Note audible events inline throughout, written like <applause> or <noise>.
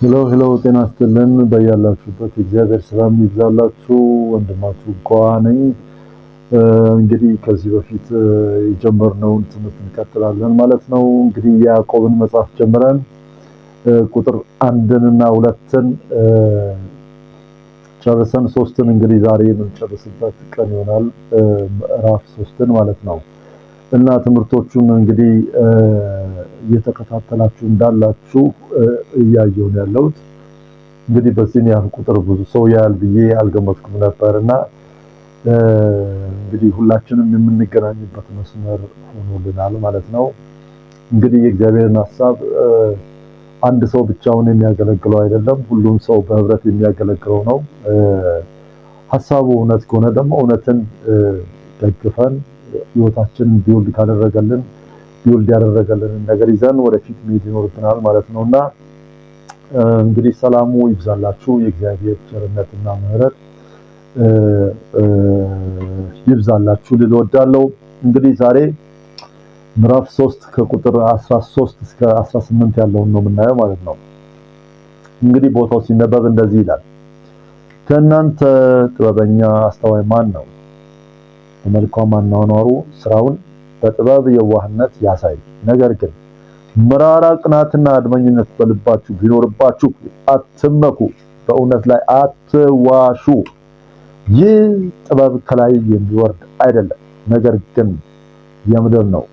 ሄሎ ሄሎ፣ ጤና ይስጥልን በያላችሁበት እግዚአብሔር ሰላም ይብዛላችሁ። ወንድማችሁ ጓ ነኝ። እንግዲህ ከዚህ በፊት የጀመርነውን ትምህርት እንቀጥላለን ማለት ነው። እንግዲህ ያዕቆብን መጽሐፍ ጀምረን ቁጥር አንድን እና ሁለትን ጨርሰን ሶስትን እንግዲህ ዛሬ የምንጨርስበት ቀን ይሆናል። ምዕራፍ ሶስትን ማለት ነው እና ትምህርቶቹን እንግዲህ እየተከታተላችሁ እንዳላችሁ እያየሁ ነው ያለሁት። እንግዲህ በዚህን ያህል ቁጥር ብዙ ሰው ያህል ብዬ አልገመትኩም ነበር እና እንግዲህ ሁላችንም የምንገናኝበት መስመር ሆኖልናል ማለት ነው። እንግዲህ የእግዚአብሔርን ሀሳብ አንድ ሰው ብቻውን የሚያገለግለው አይደለም፣ ሁሉም ሰው በህብረት የሚያገለግለው ነው። ሀሳቡ እውነት ከሆነ ደግሞ እውነትን ደግፈን ህይወታችንን ቢውልድ ካደረገልን ውልድ ያደረገልንን ነገር ይዘን ወደፊት መሄድ ይኖርብናል ማለት ነው እና እንግዲህ ሰላሙ ይብዛላችሁ። የእግዚአብሔር ቸርነትና ምሕረት ይብዛላችሁ ልል ወዳለው እንግዲህ ዛሬ ምዕራፍ ሶስት ከቁጥር 13 እስከ 18 ያለውን ነው የምናየው ማለት ነው። እንግዲህ ቦታው ሲነበብ እንደዚህ ይላል፣ ከእናንተ ጥበበኛ አስተዋይ ማን ነው? በመልካም ማናኗሩ ስራውን በጥበብ የዋህነት ያሳይ ነገር ግን መራራ ቅናትና አድመኝነት በልባችሁ ቢኖርባችሁ አትመኩ፣ በእውነት ላይ አትዋሹ። ይህ ጥበብ ከላይ የሚወርድ አይደለም፣ ነገር ግን የምድር ነው፣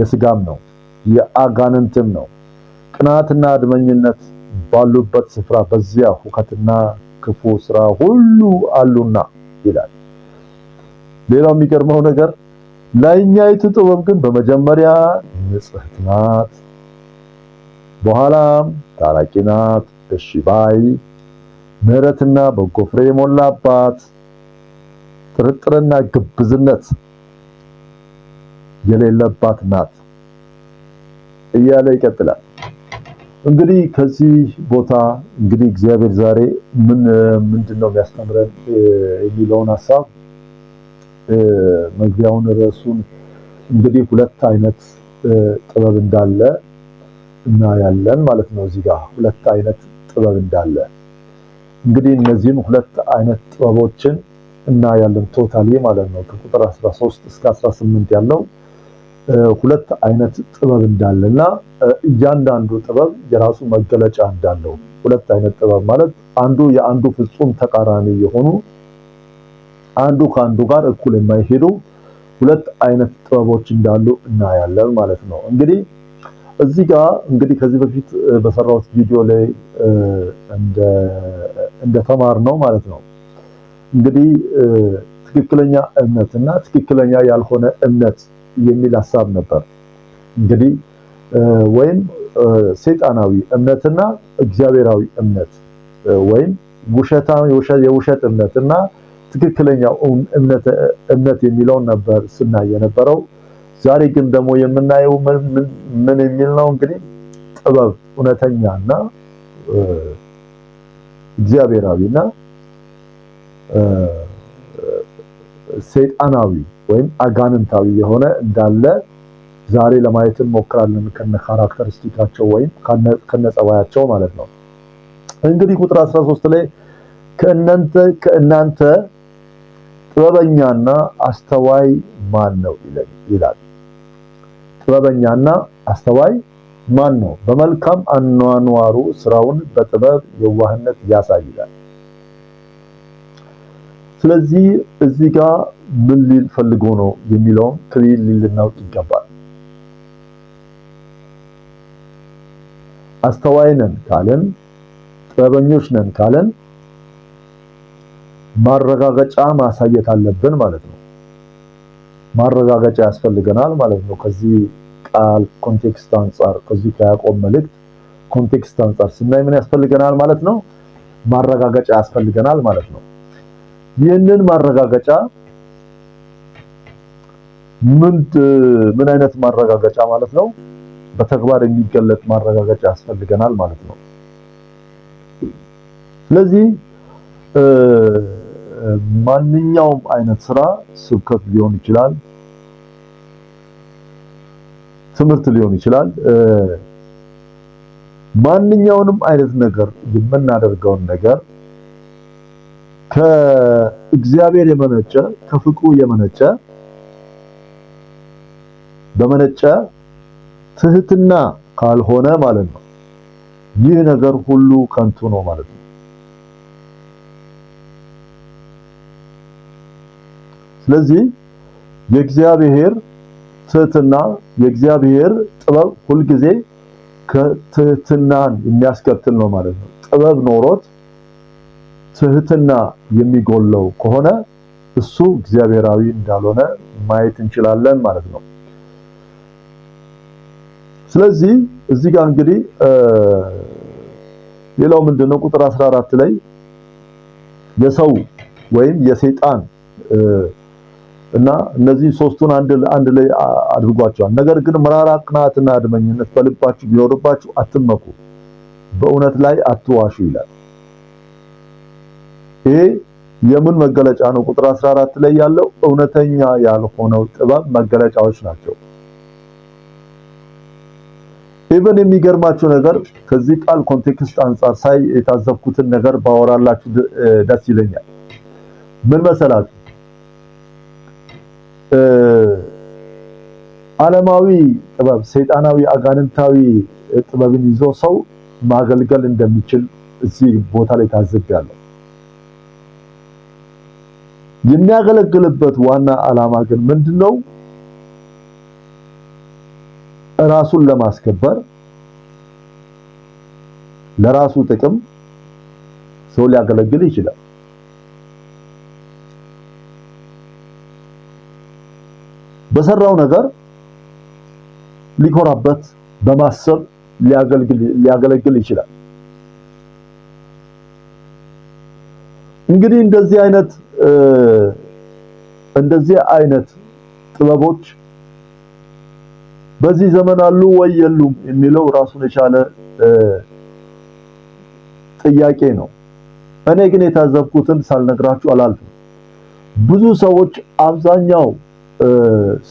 የስጋም ነው፣ የአጋንንትም ነው። ቅናትና አድመኝነት ባሉበት ስፍራ በዚያ ሁከትና ክፉ ስራ ሁሉ አሉና ይላል። ሌላው የሚገርመው ነገር ላይኛይቱ ጥበብ ግን በመጀመሪያ ንጽህት ናት፣ በኋላም ታራቂ ናት፣ እሺ ባይ፣ ምሕረትና በጎ ፍሬ የሞላባት፣ ጥርጥርና ግብዝነት የሌለባት ናት እያለ ይቀጥላል። እንግዲህ ከዚህ ቦታ እንግዲህ እግዚአብሔር ዛሬ ምን ምንድን ነው የሚያስተምረን የሚለውን ሀሳብ መግቢያውን ርዕሱን እንግዲህ ሁለት አይነት ጥበብ እንዳለ እናያለን ማለት ነው። እዚህ ጋር ሁለት አይነት ጥበብ እንዳለ እንግዲህ እነዚህን ሁለት አይነት ጥበቦችን እናያለን ቶታሊ ማለት ነው። ከቁጥር 13 እስከ 18 ያለው ሁለት አይነት ጥበብ እንዳለ እና እያንዳንዱ ጥበብ የራሱ መገለጫ እንዳለው ሁለት አይነት ጥበብ ማለት አንዱ የአንዱ ፍጹም ተቃራኒ የሆኑ አንዱ ከአንዱ ጋር እኩል የማይሄዱ ሁለት አይነት ጥበቦች እንዳሉ እናያለን ማለት ነው። እንግዲህ እዚህ ጋር እንግዲህ ከዚህ በፊት በሰራሁት ቪዲዮ ላይ እንደተማር ነው ማለት ነው እንግዲህ ትክክለኛ እምነት እና ትክክለኛ ያልሆነ እምነት የሚል ሀሳብ ነበር። እንግዲህ ወይም ሰይጣናዊ እምነትና እግዚአብሔራዊ እምነት ወይም የውሸት እምነትና ትክክለኛው እምነት የሚለውን ነበር ስናይ የነበረው። ዛሬ ግን ደግሞ የምናየው ምን የሚል ነው? እንግዲህ ጥበብ እውነተኛ እግዚአብሔራዊ እግዚአብሔራዊና ሰይጣናዊ ወይም አጋንንታዊ የሆነ እንዳለ ዛሬ ለማየት እንሞክራለን። ከነ ካራክተሪስቲካቸው ወይም ከነ ጸባያቸው ማለት ነው። እንግዲህ ቁጥር 13 ላይ ከእናንተ ከእናንተ ጥበበኛና አስተዋይ ማን ነው ይላል። ጥበበኛና አስተዋይ ማን ነው? በመልካም አኗኗሩ ስራውን በጥበብ የዋህነት ያሳያል። ስለዚህ እዚህ ጋር ምን ሊል ፈልጎ ነው የሚለውም ክሊል ልናውቅ ይገባል። አስተዋይ ነን ካለን ጥበበኞች ነን ካለን ማረጋገጫ ማሳየት አለብን ማለት ነው። ማረጋገጫ ያስፈልገናል ማለት ነው። ከዚህ ቃል ኮንቴክስት አንጻር ከዚህ ከያዕቆብ መልእክት ኮንቴክስት አንጻር ስናይ ምን ያስፈልገናል ማለት ነው? ማረጋገጫ ያስፈልገናል ማለት ነው። ይህንን ማረጋገጫ ምን ምን አይነት ማረጋገጫ ማለት ነው? በተግባር የሚገለጥ ማረጋገጫ ያስፈልገናል ማለት ነው። ስለዚህ ማንኛውም አይነት ስራ ስብከት ሊሆን ይችላል፣ ትምህርት ሊሆን ይችላል። ማንኛውንም አይነት ነገር የምናደርገውን ነገር ከእግዚአብሔር የመነጨ ከፍቁ የመነጨ በመነጨ ትህትና ካልሆነ ማለት ነው ይህ ነገር ሁሉ ከንቱ ነው ማለት ነው። ስለዚህ የእግዚአብሔር ትህትና የእግዚአብሔር ጥበብ ሁልጊዜ ትህትናን የሚያስከትል ነው ማለት ነው። ጥበብ ኖሮት ትህትና የሚጎለው ከሆነ እሱ እግዚአብሔራዊ እንዳልሆነ ማየት እንችላለን ማለት ነው። ስለዚህ እዚህ ጋር እንግዲህ ሌላው ምንድነው ቁጥር 14 ላይ የሰው ወይም የሰይጣን እና እነዚህ ሶስቱን አንድ አንድ ላይ አድርጓቸዋል። ነገር ግን መራራ ቅናትና አድመኝነት በልባችሁ ቢኖርባችሁ አትመኩ፣ በእውነት ላይ አትዋሹ ይላል። ይሄ የምን መገለጫ ነው? ቁጥር 14 ላይ ያለው እውነተኛ ያልሆነው ጥበብ መገለጫዎች ናቸው። ኢቨን የሚገርማችሁ ነገር ከዚህ ቃል ኮንቴክስት አንጻር ሳይ የታዘብኩትን ነገር ባወራላችሁ ደስ ይለኛል። ምን መሰላችሁ ዓለማዊ ጥበብ፣ ሰይጣናዊ አጋንንታዊ ጥበብን ይዞ ሰው ማገልገል እንደሚችል እዚህ ቦታ ላይ ታዝቤያለሁ። የሚያገለግልበት ዋና ዓላማ ግን ምንድነው? ራሱን ለማስከበር ለራሱ ጥቅም ሰው ሊያገለግል ይችላል። በሰራው ነገር ሊኮራበት በማሰብ ሊያገለግል ይችላል። እንግዲህ እንደዚህ አይነት እንደዚህ አይነት ጥበቦች በዚህ ዘመን አሉ ወይ የሉም የሚለው ራሱን የቻለ ጥያቄ ነው። እኔ ግን የታዘብኩትን ሳልነግራችሁ አላልፍም። ብዙ ሰዎች አብዛኛው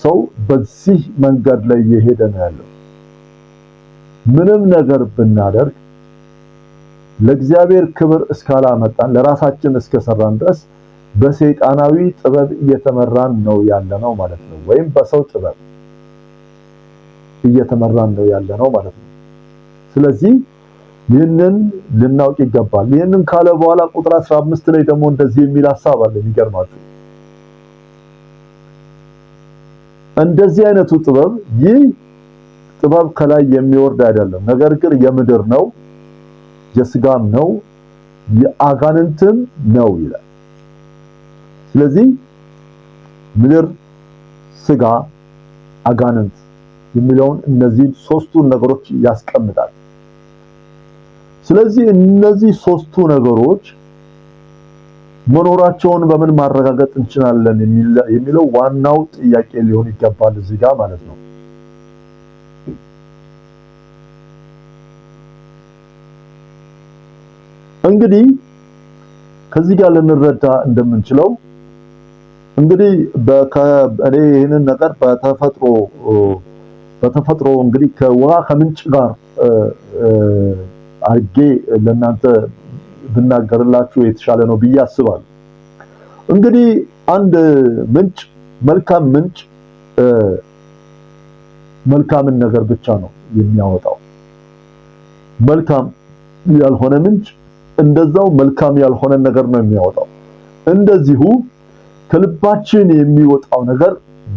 ሰው በዚህ መንገድ ላይ እየሄደ ነው ያለው። ምንም ነገር ብናደርግ ለእግዚአብሔር ክብር እስካላመጣን ለራሳችን እስከሰራን ድረስ በሰይጣናዊ ጥበብ እየተመራን ነው ያለነው ማለት ነው። ወይም በሰው ጥበብ እየተመራን ነው ያለነው ማለት ነው። ስለዚህ ይህንን ልናውቅ ይገባል። ይህንን ካለ በኋላ ቁጥር 15 ላይ ደግሞ እንደዚህ የሚል ሐሳብ አለ የሚገርማችሁ እንደዚህ አይነቱ ጥበብ ይህ ጥበብ ከላይ የሚወርድ አይደለም፣ ነገር ግን የምድር ነው፣ የስጋም ነው፣ የአጋንንትም ነው ይላል። ስለዚህ ምድር፣ ስጋ፣ አጋንንት የሚለውን እነዚህ ሶስቱን ነገሮች ያስቀምጣል። ስለዚህ እነዚህ ሶስቱ ነገሮች መኖራቸውን በምን ማረጋገጥ እንችላለን የሚለው ዋናው ጥያቄ ሊሆን ይገባል እዚህ ጋር ማለት ነው። እንግዲህ ከዚህ ጋር ልንረዳ እንደምንችለው እንግዲህ እኔ ይህንን ነገር በተፈጥሮ በተፈጥሮ እንግዲህ ከውሃ ከምንጭ ጋር አድጌ ለእናንተ ብናገርላችሁ የተሻለ ነው ብዬ አስባለሁ። እንግዲህ አንድ ምንጭ መልካም ምንጭ መልካምን ነገር ብቻ ነው የሚያወጣው። መልካም ያልሆነ ምንጭ እንደዛው መልካም ያልሆነ ነገር ነው የሚያወጣው። እንደዚሁ ከልባችን የሚወጣው ነገር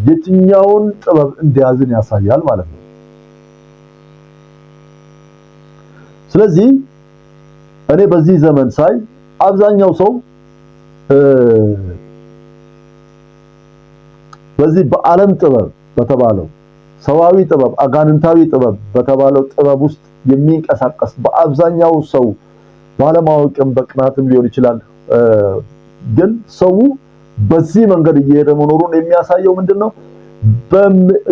የትኛውን ጥበብ እንደያዝን ያሳያል ማለት ነው። ስለዚህ እኔ በዚህ ዘመን ሳይ አብዛኛው ሰው በዚህ በዓለም ጥበብ በተባለው ሰዋዊ ጥበብ፣ አጋንንታዊ ጥበብ በተባለው ጥበብ ውስጥ የሚንቀሳቀስ በአብዛኛው ሰው ባለማወቅም በቅናትም ሊሆን ይችላል። ግን ሰው በዚህ መንገድ እየሄደ መኖሩን የሚያሳየው ምንድነው?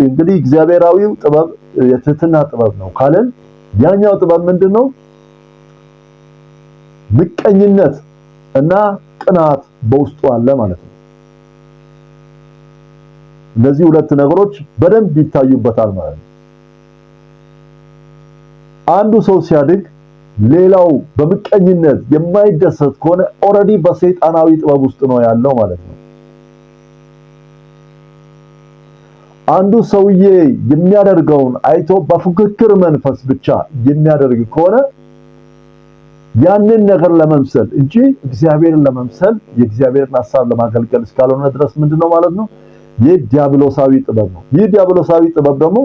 እንግዲህ እግዚአብሔራዊው ጥበብ የትህትና ጥበብ ነው ካለን ያኛው ጥበብ ምንድነው? ምቀኝነት እና ቅናት በውስጡ አለ ማለት ነው። እነዚህ ሁለት ነገሮች በደንብ ይታዩበታል ማለት ነው። አንዱ ሰው ሲያድግ ሌላው በምቀኝነት የማይደሰት ከሆነ ኦልሬዲ በሰይጣናዊ ጥበብ ውስጥ ነው ያለው ማለት ነው። አንዱ ሰውዬ የሚያደርገውን አይቶ በፉክክር መንፈስ ብቻ የሚያደርግ ከሆነ ያንን ነገር ለመምሰል እንጂ እግዚአብሔርን ለመምሰል የእግዚአብሔርን ሐሳብ ለማገልገል እስካልሆነ ድረስ ምንድነው ማለት ነው? ይህ ዲያብሎሳዊ ጥበብ ነው። ይህ ዲያብሎሳዊ ጥበብ ደግሞ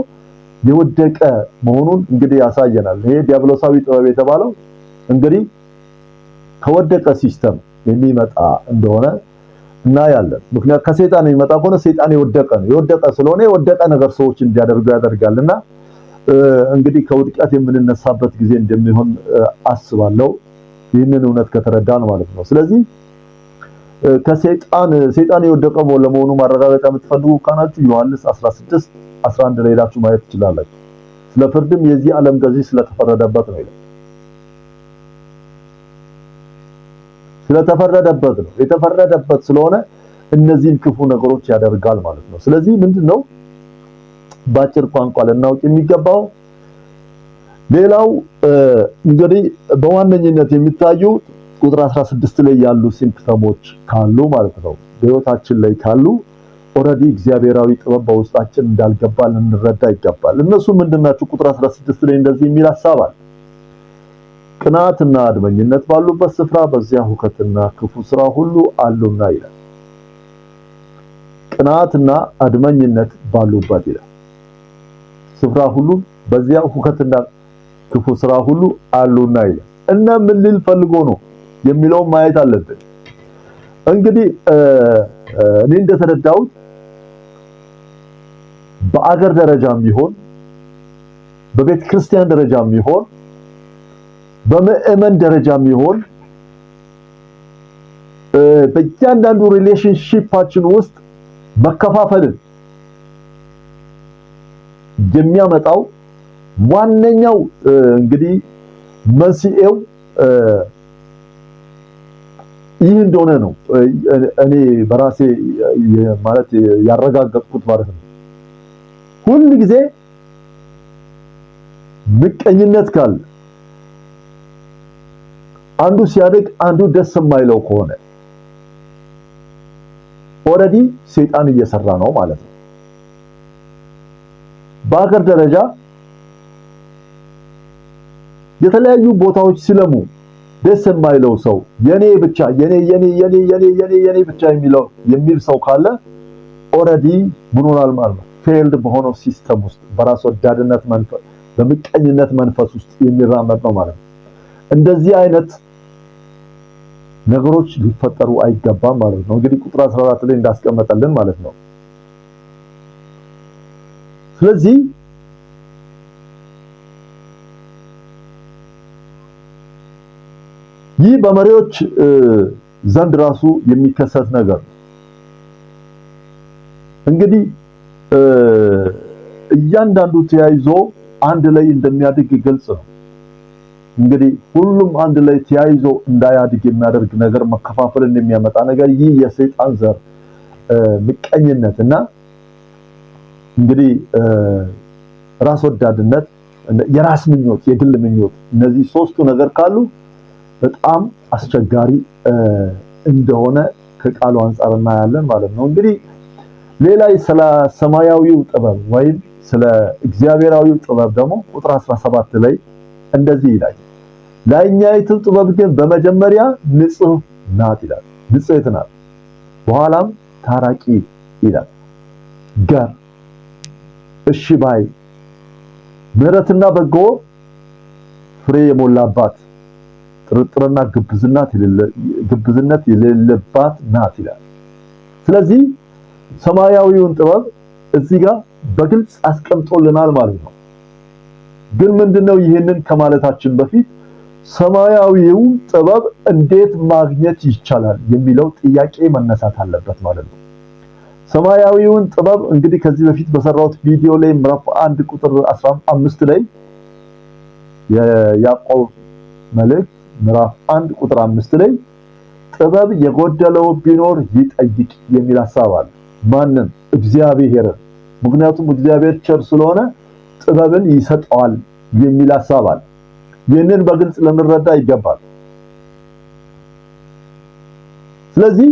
የወደቀ መሆኑን እንግዲህ ያሳየናል። ይሄ ዲያብሎሳዊ ጥበብ የተባለው እንግዲህ ከወደቀ ሲስተም የሚመጣ እንደሆነ እናያለን። ምክንያቱም ከሰይጣን የሚመጣ ከሆነ ሰይጣን የወደቀ ነው። የወደቀ ስለሆነ የወደቀ ነገር ሰዎች እንዲያደርጉ ያደርጋልና እንግዲህ ከውድቀት የምንነሳበት ጊዜ እንደሚሆን አስባለሁ። ይህንን እውነት ከተረዳን ማለት ነው። ስለዚህ ከሰይጣን ሰይጣን የወደቀው ለመሆኑ ማረጋገጫ የምትፈልጉ ካናችሁ ዮሐንስ 16 11 ላይ ሄዳችሁ ማየት ትችላላችሁ። ስለ ፍርድም የዚህ ዓለም ገዢ ስለተፈረደበት ነው ይላል። ስለተፈረደበት ነው የተፈረደበት ስለሆነ እነዚህን ክፉ ነገሮች ያደርጋል ማለት ነው። ስለዚህ ምንድነው ባጭር ቋንቋ ልናውቅ የሚገባው። ሌላው እንግዲህ በዋነኝነት የሚታዩ ቁጥር 16 ላይ ያሉ ሲምፕተሞች ካሉ ማለት ነው በህይወታችን ላይ ካሉ ኦልሬዲ እግዚአብሔራዊ ጥበብ በውስጣችን እንዳልገባ ልንረዳ ይገባል። እነሱ ምንድናቸው? ቁጥር 16 ላይ እንደዚህ የሚል ሐሳብ አለ። ቅናትና አድመኝነት ባሉበት ስፍራ በዚያ ሁከትና ክፉ ስራ ሁሉ አሉና ይላል። ቅናትና አድመኝነት ባሉበት ይላል። ስፍራ ሁሉ በዚያ ሁከትና ክፉ ስራ ሁሉ አሉና ይላል። እና ምን ሊል ፈልጎ ነው የሚለው ማየት አለብን። እንግዲህ እኔ እንደተረዳሁት በአገር ደረጃም ይሆን በቤተ ክርስቲያን ደረጃም ይሆን በምዕመን ደረጃም ይሆን በእያንዳንዱ ሪሌሽንሺፓችን ውስጥ መከፋፈልን የሚያመጣው ዋነኛው እንግዲህ መንስኤው ይህ እንደሆነ ነው እኔ በራሴ ማለት ያረጋገጥኩት ማለት ነው። ሁል ጊዜ ምቀኝነት ካለ አንዱ ሲያደግ አንዱ ደስ የማይለው ከሆነ ኦልሬዲ ሰይጣን እየሰራ ነው ማለት ነው። በአገር ደረጃ የተለያዩ ቦታዎች ሲለሙ ደስ የማይለው ሰው የኔ ብቻ የኔ የኔ የኔ የኔ የኔ የኔ ብቻ የሚለው የሚል ሰው ካለ ኦልሬዲ ምን ሆኗል ማለት ነው ፌልድ በሆነው ሲስተም ውስጥ በራስ ወዳድነት መንፈስ በምቀኝነት መንፈስ ውስጥ የሚራመድ ነው ማለት ነው። እንደዚህ አይነት ነገሮች ሊፈጠሩ አይገባም ማለት ነው። እንግዲህ ቁጥር 14 ላይ እንዳስቀመጠልን ማለት ነው። ስለዚህ ይህ በመሪዎች ዘንድ ራሱ የሚከሰት ነገር እንግዲህ እያንዳንዱ ተያይዞ አንድ ላይ እንደሚያድግ ግልጽ ነው። እንግዲህ ሁሉም አንድ ላይ ተያይዞ እንዳያድግ የሚያደርግ ነገር መከፋፈልን የሚያመጣ ነገር ይህ የሰይጣን ዘር ምቀኝነት እና እንግዲህ ራስ ወዳድነት፣ የራስ ምኞት፣ የግል ምኞት እነዚህ ሶስቱ ነገር ካሉ በጣም አስቸጋሪ እንደሆነ ከቃሉ አንጻር እናያለን ማለት ነው። እንግዲህ ሌላ ስለ ሰማያዊው ጥበብ ወይም ስለ እግዚአብሔራዊው ጥበብ ደግሞ ቁጥር 17 ላይ እንደዚህ ይላል፣ ላይኛይቱ ጥበብ ግን በመጀመሪያ ንጹህ ናት ይላል፣ ንጽሕት ናት፣ በኋላም ታራቂ ይላል ገር እሺ ባይ ምሕረትና በጎ ፍሬ የሞላባት ጥርጥርና ግብዝነት የሌለባት ናት ይላል። ስለዚህ ሰማያዊውን ጥበብ እዚህ ጋር በግልጽ አስቀምጦልናል ማለት ነው። ግን ምንድነው ይህንን ከማለታችን በፊት ሰማያዊውን ጥበብ እንዴት ማግኘት ይቻላል የሚለው ጥያቄ መነሳት አለበት ማለት ነው። ሰማያዊውን ጥበብ እንግዲህ ከዚህ በፊት በሰራውት ቪዲዮ ላይ ምዕራፍ 1 ቁጥር 15 ላይ የያዕቆብ መልእክት ምዕራፍ 1 ቁጥር 5 ላይ ጥበብ የጎደለው ቢኖር ይጠይቅ የሚል ሐሳብ አለ። ማንም እግዚአብሔር፣ ምክንያቱም እግዚአብሔር ቸር ስለሆነ ጥበብን ይሰጠዋል የሚል ሐሳብ አለ። ይህንን በግልጽ ልንረዳ ይገባል። ስለዚህ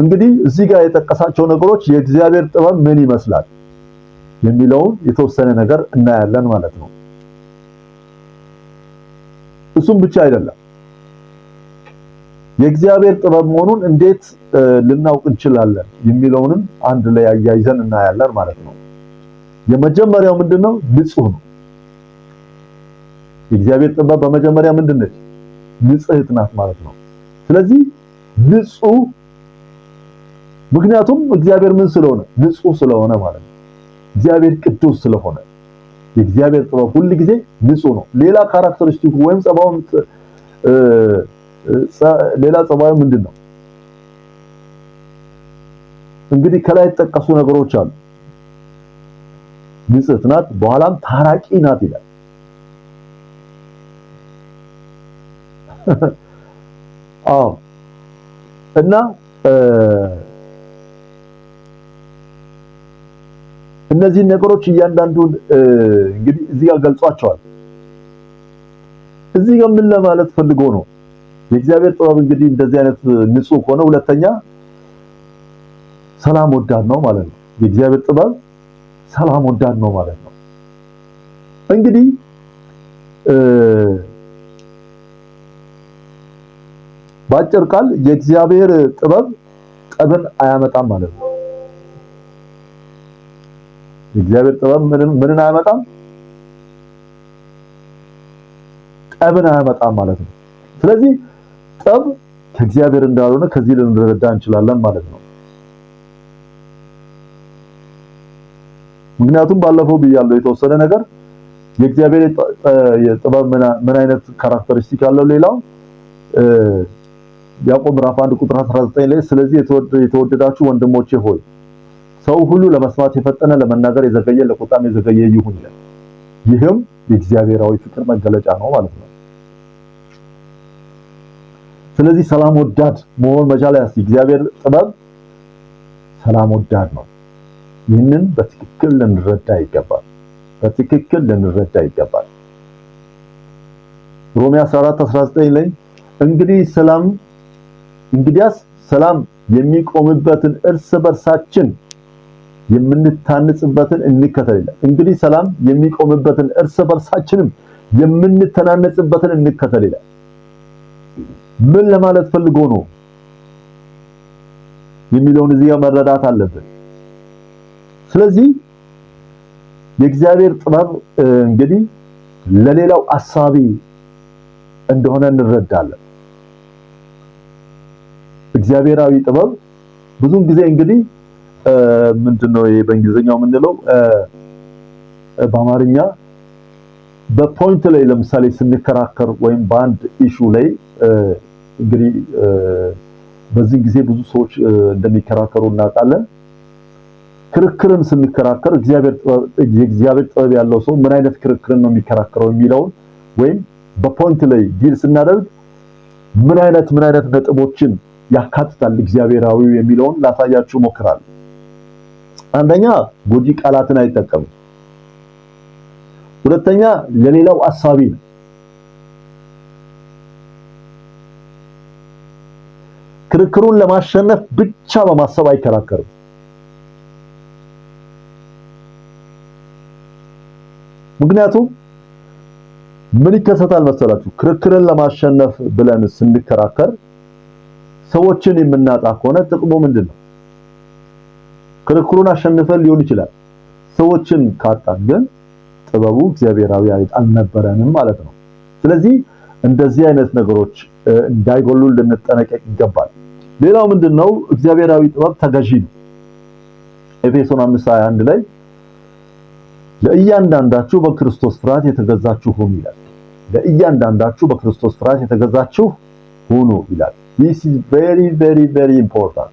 እንግዲህ እዚህ ጋር የጠቀሳቸው ነገሮች የእግዚአብሔር ጥበብ ምን ይመስላል የሚለውን የተወሰነ ነገር እናያለን ማለት ነው። እሱም ብቻ አይደለም የእግዚአብሔር ጥበብ መሆኑን እንዴት ልናውቅ እንችላለን የሚለውንም አንድ ላይ አያይዘን እናያለን ማለት ነው። የመጀመሪያው ምንድነው? ንጹህ ነው። የእግዚአብሔር ጥበብ በመጀመሪያ ምንድነች? ንጽህት ናት ማለት ነው። ስለዚህ ንጹህ ምክንያቱም እግዚአብሔር ምን ስለሆነ ንጹህ ስለሆነ ማለት ነው። እግዚአብሔር ቅዱስ ስለሆነ የእግዚአብሔር ጥበብ ሁል ጊዜ ንጹህ ነው። ሌላ ካራክተሪስቲኩ ወይም ጸባውም ሌላ ጸባዩ ምንድን ነው? እንግዲህ ከላይ የተጠቀሱ ነገሮች አሉ። ንጽህት ናት፣ በኋላም ታራቂ ናት ይላል። <laughs> አዎ እና እነዚህን ነገሮች እያንዳንዱን እንግዲህ እዚህ ጋር ገልጿቸዋል። እዚህ ጋር ምን ለማለት ፈልጎ ነው? የእግዚአብሔር ጥበብ እንግዲህ እንደዚህ አይነት ንጹህ ከሆነ ሁለተኛ ሰላም ወዳድ ነው ማለት ነው። የእግዚአብሔር ጥበብ ሰላም ወዳድ ነው ማለት ነው። እንግዲህ በአጭር ቃል የእግዚአብሔር ጥበብ ጠብን አያመጣም ማለት ነው። የእግዚአብሔር ጥበብ ምንን አያመጣም? ጠብን አያመጣም ማለት ነው። ስለዚህ ጠብ ከእግዚአብሔር እንዳልሆነ ከዚህ ልንረዳ እንችላለን ማለት ነው። ምክንያቱም ባለፈው ብያለሁ የተወሰነ ነገር የእግዚአብሔር ጥበብ ምን አይነት ካራክተሪስቲክ አለው? ሌላው ያዕቆብ ምዕራፍ 1 ቁጥር 19 ላይ ስለዚህ የተወደዳችሁ ወንድሞቼ ሆይ ሰው ሁሉ ለመስማት የፈጠነ ለመናገር የዘገየ ለቁጣም የዘገየ ይሁን ይላል። ይህም የእግዚአብሔራዊ ፍቅር መገለጫ ነው ማለት ነው። ስለዚህ ሰላም ወዳድ መሆን መቻል ያስ እግዚአብሔር ጥበብ ሰላም ወዳድ ነው። ይህንን በትክክል ልንረዳ ይገባል። በትክክል ልንረዳ ይገባል። ሮሜ 14 19 ላይ እንግዲህ ሰላም እንግዲያስ ሰላም የሚቆምበትን እርስ በርሳችን የምንታነጽበትን እንከተል ይላል። እንግዲህ ሰላም የሚቆምበትን እርስ በርሳችንም የምንተናነጽበትን እንከተል ይላል። ምን ለማለት ፈልጎ ነው የሚለውን እዚህ መረዳት አለብን። ስለዚህ የእግዚአብሔር ጥበብ እንግዲህ ለሌላው አሳቢ እንደሆነ እንረዳለን። እግዚአብሔራዊ ጥበብ ብዙ ጊዜ እንግዲህ ምንድነው ነው ይሄ በእንግሊዝኛው የምንለው በአማርኛ በፖይንት ላይ ለምሳሌ ስንከራከር ወይም በአንድ ኢሹ ላይ እንግዲህ በዚህ ጊዜ ብዙ ሰዎች እንደሚከራከሩ እናውቃለን። ክርክርን ስንከራከር እግዚአብሔር ጥበብ ያለው ሰው ምን አይነት ክርክርን ነው የሚከራከረው የሚለውን ወይም በፖይንት ላይ ዲል ስናደርግ ምን አይነት ምን አይነት ነጥቦችን ያካትታል እግዚአብሔራዊው የሚለውን ላሳያችሁ ሞክራለሁ። አንደኛ ጎጂ ቃላትን አይጠቀምም። ሁለተኛ ለሌላው አሳቢ ነው። ክርክሩን ለማሸነፍ ብቻ በማሰብ አይከራከርም። ምክንያቱም ምን ይከሰታል መሰላችሁ? ክርክርን ለማሸነፍ ብለን ስንከራከር ሰዎችን የምናጣ ከሆነ ጥቅሙ ምንድን ነው? ክርክሩን አሸንፈን ሊሆን ይችላል። ሰዎችን ካጣን ግን ጥበቡ እግዚአብሔራዊ አልነበረንም ማለት ነው። ስለዚህ እንደዚህ አይነት ነገሮች እንዳይጎሉ ልንጠነቀቅ ይገባል። ሌላው ምንድነው? እግዚአብሔራዊ ጥበብ ተገዢ ነው። ኤፌሶን 51 ላይ ለእያንዳንዳችሁ በክርስቶስ ፍርሃት የተገዛችሁ ሁኑ ይላል። ለእያንዳንዳችሁ በክርስቶስ ፍርሃት የተገዛችሁ ሁኑ ይላል። this is very very very important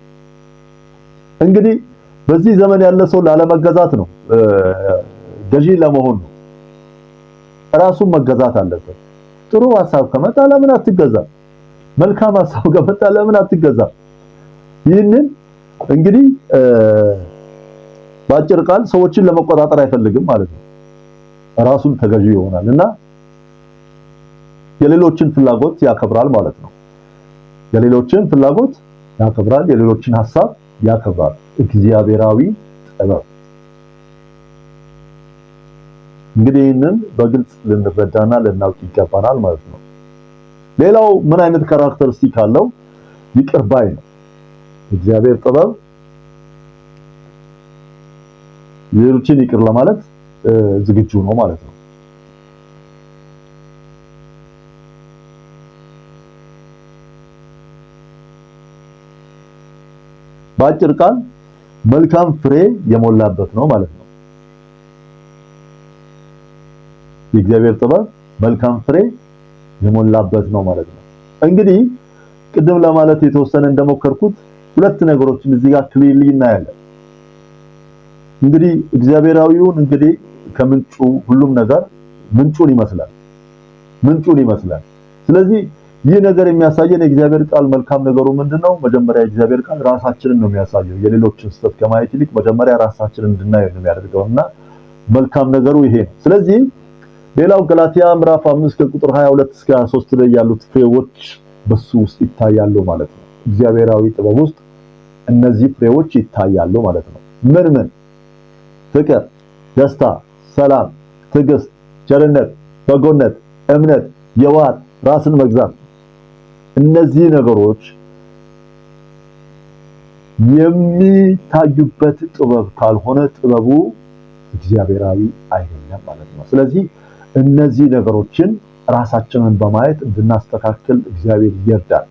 እንግዲህ በዚህ ዘመን ያለ ሰው ላለመገዛት ነው፣ ገዢ ለመሆን ነው። ራሱን መገዛት አለበት። ጥሩ ሀሳብ ከመጣ ለምን አትገዛ? መልካም ሀሳብ ከመጣ ለምን አትገዛ? ይህንን እንግዲህ በአጭር ቃል ሰዎችን ለመቆጣጠር አይፈልግም ማለት ነው። ራሱን ተገዢ ይሆናል እና የሌሎችን ፍላጎት ያከብራል ማለት ነው። የሌሎችን ፍላጎት ያከብራል፣ የሌሎችን ሀሳብ ያከብራል። እግዚአብሔራዊ ጥበብ። እንግዲህ ይህንን በግልጽ ልንረዳና ልናውቅ ይገባናል ማለት ነው። ሌላው ምን አይነት ካራክተሪስቲክ አለው? ይቅር ባይ ነው። እግዚአብሔር ጥበብ ሌሎችን ይቅር ለማለት ዝግጁ ነው ማለት ነው። በአጭር ቃል መልካም ፍሬ የሞላበት ነው ማለት ነው። የእግዚአብሔር ጥበብ መልካም ፍሬ የሞላበት ነው ማለት ነው። እንግዲህ ቅድም ለማለት የተወሰነ እንደሞከርኩት ሁለት ነገሮችን እዚህ ጋር ክሊርሊ እናያለን። እንግዲህ እግዚአብሔራዊውን እንግዲህ ከምንጩ ሁሉም ነገር ምንጩን ይመስላል ምንጩን ይመስላል። ስለዚህ ይህ ነገር የሚያሳየን የእግዚአብሔር ቃል መልካም ነገሩ ምንድነው? መጀመሪያ የእግዚአብሔር ቃል ራሳችንን ነው የሚያሳየው። የሌሎችን ስህተት ከማየት ይልቅ መጀመሪያ ራሳችንን እንድናየው ነው የሚያደርገው እና መልካም ነገሩ ይሄ ነው። ስለዚህ ሌላው ገላትያ ምዕራፍ 5 ከቁጥር 22 እስከ 23 ላይ ያሉት ፍሬዎች በሱ ውስጥ ይታያሉ ማለት ነው። እግዚአብሔራዊ ጥበብ ውስጥ እነዚህ ፍሬዎች ይታያሉ ማለት ነው። ምን ምን? ፍቅር፣ ደስታ፣ ሰላም፣ ትዕግስት፣ ቸርነት፣ በጎነት፣ እምነት፣ የዋህ ራስን መግዛት እነዚህ ነገሮች የሚታዩበት ጥበብ ካልሆነ ጥበቡ እግዚአብሔራዊ አይደለም ማለት ነው። ስለዚህ እነዚህ ነገሮችን ራሳችንን በማየት እንድናስተካክል እግዚአብሔር ይርዳል።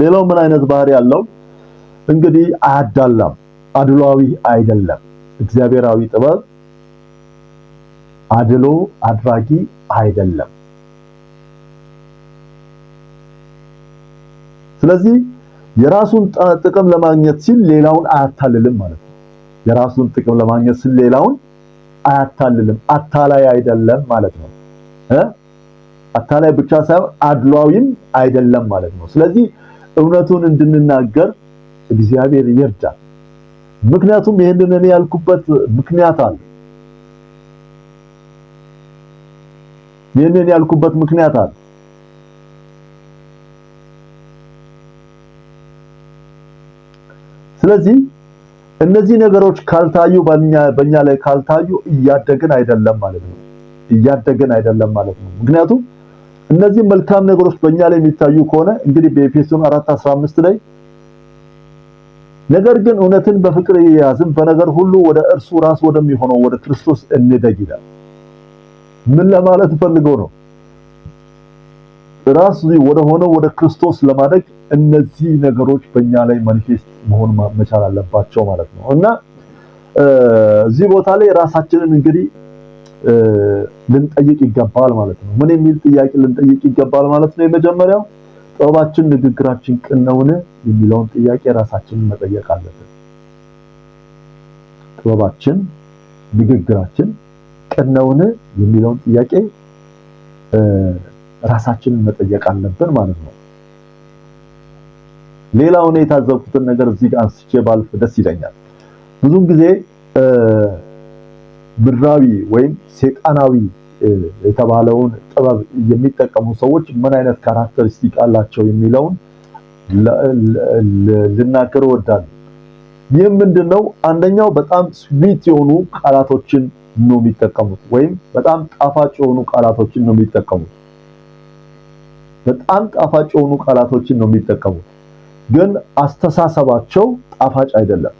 ሌላው ምን አይነት ባህሪ ያለው እንግዲህ አያዳላም፣ አድሏዊ አይደለም። እግዚአብሔራዊ ጥበብ አድሎ አድራጊ አይደለም። ስለዚህ የራሱን ጥቅም ለማግኘት ሲል ሌላውን አያታልልም ማለት ነው። የራሱን ጥቅም ለማግኘት ሲል ሌላውን አያታልልም፣ አታላይ አይደለም ማለት ነው። አታላይ ብቻ ሳይሆን አድሏዊም አይደለም ማለት ነው። ስለዚህ እውነቱን እንድንናገር እግዚአብሔር ይርዳል። ምክንያቱም ይህንን እኔ ያልኩበት ምክንያት አለ። ይህንን ያልኩበት ምክንያት አለ። ስለዚህ እነዚህ ነገሮች ካልታዩ በእኛ ላይ ካልታዩ እያደግን አይደለም ማለት ነው። እያደግን አይደለም ማለት ነው። ምክንያቱም እነዚህ መልካም ነገሮች በእኛ ላይ የሚታዩ ከሆነ እንግዲህ በኤፌሶን 4:15 ላይ ነገር ግን እውነትን በፍቅር እየያዝን በነገር ሁሉ ወደ እርሱ ራስ ወደሚሆነው ወደ ክርስቶስ እንደግ ይላል። ምን ለማለት ፈልገው ነው? ራስ ወደ ሆነው ወደ ክርስቶስ ለማደግ እነዚህ ነገሮች በእኛ ላይ ማኒፌስት መሆን መቻል አለባቸው ማለት ነው እና እዚህ ቦታ ላይ ራሳችንን እንግዲህ ልንጠይቅ ይገባል ማለት ነው። ምን የሚል ጥያቄ ልንጠይቅ ይገባል ማለት ነው? የመጀመሪያው ጥበባችን፣ ንግግራችን ቅን ነውን የሚለውን ጥያቄ ራሳችንን መጠየቅ አለብን። ጥበባችን፣ ንግግራችን ቅን ነውን የሚለውን ጥያቄ ራሳችንን መጠየቅ አለብን ማለት ነው። ሌላው እኔ የታዘብኩትን ነገር እዚህ ጋር አንስቼ ባልፍ ደስ ይለኛል። ብዙን ጊዜ ምድራዊ ወይም ሴጣናዊ የተባለውን ጥበብ የሚጠቀሙ ሰዎች ምን አይነት ካራክተሪስቲክ አላቸው የሚለውን ልናገር እወዳለሁ። ይህ ምንድን ነው? አንደኛው በጣም ስዊት የሆኑ ቃላቶችን ነው የሚጠቀሙት፣ ወይም በጣም ጣፋጭ የሆኑ ቃላቶችን ነው የሚጠቀሙት። በጣም ጣፋጭ የሆኑ ቃላቶችን ነው የሚጠቀሙት፣ ግን አስተሳሰባቸው ጣፋጭ አይደለም።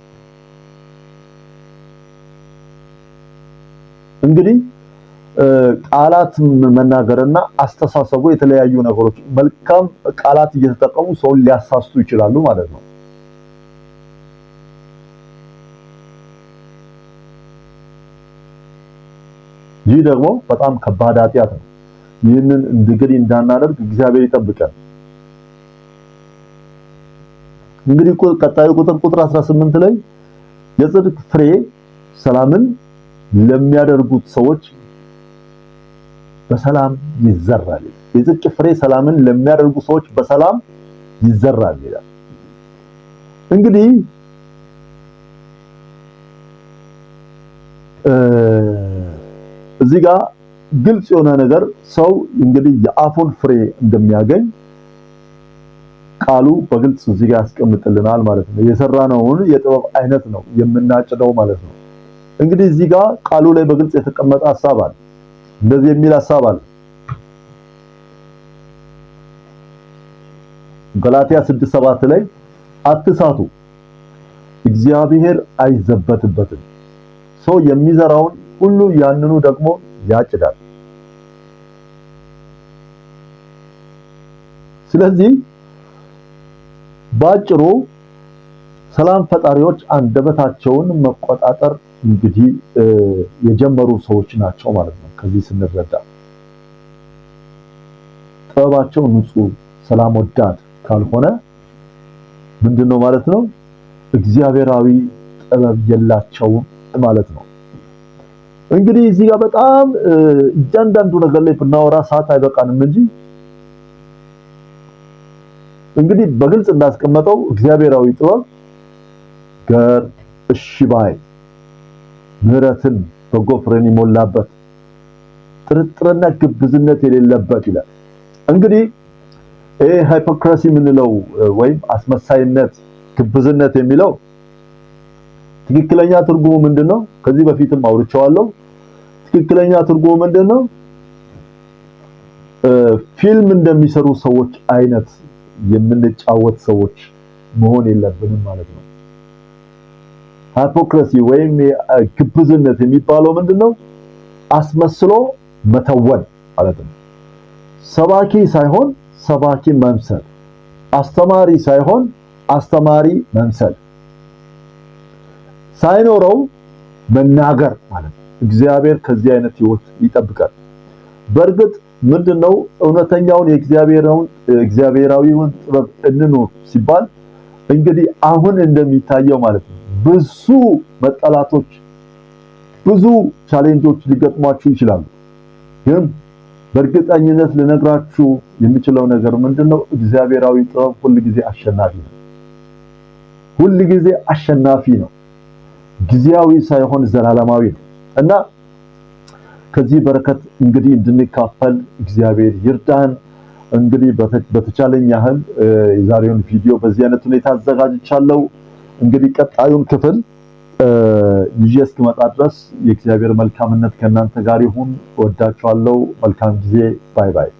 እንግዲህ ቃላት መናገርና አስተሳሰቡ የተለያዩ ነገሮች፣ መልካም ቃላት እየተጠቀሙ ሰውን ሊያሳስቱ ይችላሉ ማለት ነው። ይህ ደግሞ በጣም ከባድ ኃጢአት ነው። ይህንን እንድግል እንዳናደርግ እግዚአብሔር ይጠብቃል። እንግዲህ ቀጣዩ ቁጥር ቁጥር 18 ላይ የጽድቅ ፍሬ ሰላምን ለሚያደርጉት ሰዎች በሰላም ይዘራል። የጽድቅ ፍሬ ሰላምን ለሚያደርጉ ሰዎች በሰላም ይዘራል ይላል። እንግዲህ እዚህ ጋር ግልጽ የሆነ ነገር ሰው እንግዲህ የአፉን ፍሬ እንደሚያገኝ ቃሉ በግልጽ እዚህ ጋር ያስቀምጥልናል ማለት ነው። የሰራነውን የጥበብ አይነት ነው የምናጭደው ማለት ነው። እንግዲህ እዚህ ጋር ቃሉ ላይ በግልጽ የተቀመጠ ሐሳብ አለ። እንደዚህ የሚል ሐሳብ አለ። ገላትያ 6:7 ላይ አትሳቱ፣ እግዚአብሔር አይዘበትበትም። ሰው የሚዘራውን ሁሉ ያንኑ ደግሞ ያጭዳል። ስለዚህ ባጭሩ ሰላም ፈጣሪዎች አንደበታቸውን መቆጣጠር እንግዲህ የጀመሩ ሰዎች ናቸው ማለት ነው። ከዚህ ስንረዳ ጥበባቸው ንጹሕ ሰላም ወዳድ ካልሆነ ምንድን ነው ማለት ነው? እግዚአብሔራዊ ጥበብ የላቸውም ማለት ነው። እንግዲህ እዚህ ጋር በጣም እያንዳንዱ ነገር ላይ ብናወራ ሰዓት አይበቃንም እንጂ እንግዲህ በግልጽ እንዳስቀመጠው እግዚአብሔራዊ ጥበብ ገር እሺ ባይ ምሕረትን በጎ ፍሬን የሞላበት ጥርጥርና ግብዝነት የሌለበት ይላል። እንግዲህ ይሄ ሃይፖክራሲ የምንለው ወይም አስመሳይነት ግብዝነት የሚለው ትክክለኛ ትርጉሙ ምንድነው? ከዚህ በፊትም አውርቼዋለሁ። ትክክለኛ ትርጉሙ ምንድነው? ፊልም እንደሚሰሩ ሰዎች አይነት የምንጫወት ሰዎች መሆን የለብንም ማለት ነው። ሃይፖክራሲ ወይም ግብዝነት የሚባለው ምንድነው? አስመስሎ መተወን ማለት ነው። ሰባኪ ሳይሆን ሰባኪ መምሰል፣ አስተማሪ ሳይሆን አስተማሪ መምሰል ሳይኖረው መናገር ማለት ነው። እግዚአብሔር ከዚህ አይነት ህይወት ይጠብቃል። በእርግጥ ምንድነው እውነተኛውን የእግዚአብሔራውን እግዚአብሔራዊውን ጥበብ እንኖር ሲባል እንግዲህ አሁን እንደሚታየው ማለት ነው ብዙ መጠላቶች ብዙ ቻሌንጆች ሊገጥሟችሁ ይችላሉ። ግን በእርግጠኝነት ልነግራችሁ የሚችለው ነገር ምንድነው እግዚአብሔራዊ ጥበብ ሁልጊዜ አሸናፊ ነው። ሁልጊዜ አሸናፊ ነው። ጊዜያዊ ሳይሆን ዘላለማዊ ነው እና ከዚህ በረከት እንግዲህ እንድንካፈል እግዚአብሔር ይርዳን። እንግዲህ በተቻለኝ ያህል የዛሬውን ቪዲዮ በዚህ አይነት ሁኔታ አዘጋጅቻለሁ። እንግዲህ ቀጣዩን ክፍል ይዤ እስክመጣ ድረስ የእግዚአብሔር መልካምነት ከእናንተ ጋር ይሁን። ወዳችኋለሁ። መልካም ጊዜ። ባይ ባይ።